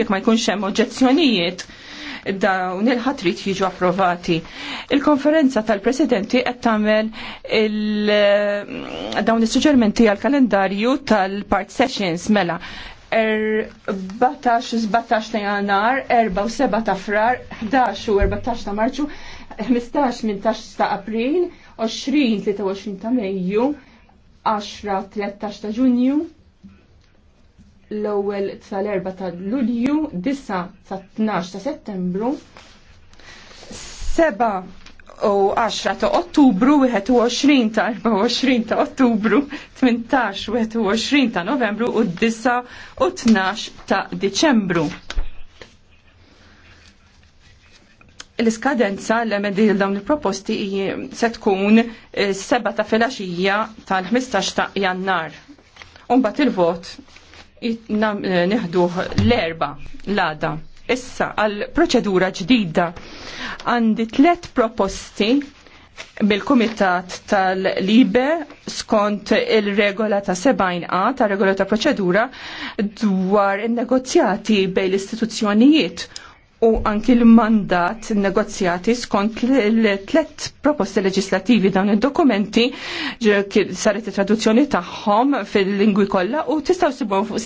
jekk ma jkunx hemm oġġezzjonijiet dawn il-ħatrit jiġu approvati. Il-konferenza tal-presidenti qed tagħmel eh, dawn is-suġġerimenti għal kalendarju tal-part sessions mela 14-17 ta' janar, 4 7 ta' frar, 11 u 14 ta' marċu, 15-18 ta' april, 20-23 ta' mejju, 10-13 ta' ġunju, l-ewwel sal-4 ta' Lulju, disa sa' 12 ta' Settembru, 7 u 10 ta' Ottubru, 21 ta' 24 ta' Ottubru, 18 u 21 ta' Novembru u 9 u 12 ta' Deċembru. L-iskadenza l-emedi l-dawn il-proposti se tkun 7 eh, ta' filaxija tal-15 ta' jannar. Umbat il-vot Eh, neħduh l-erba l-għada. Issa, għal proċedura ġdida għandi tlet proposti mill-Kumitat tal-Libe skont il-regola ta' 70A ta' regola ta' proċedura dwar il-negozjati bej l-istituzzjonijiet u anki l-mandat negozjati skont l-tlet proposti leġislativi dawn id-dokumenti saret it traduzzjoni tagħhom fil-lingwi kollha u tistaw sibhom fuq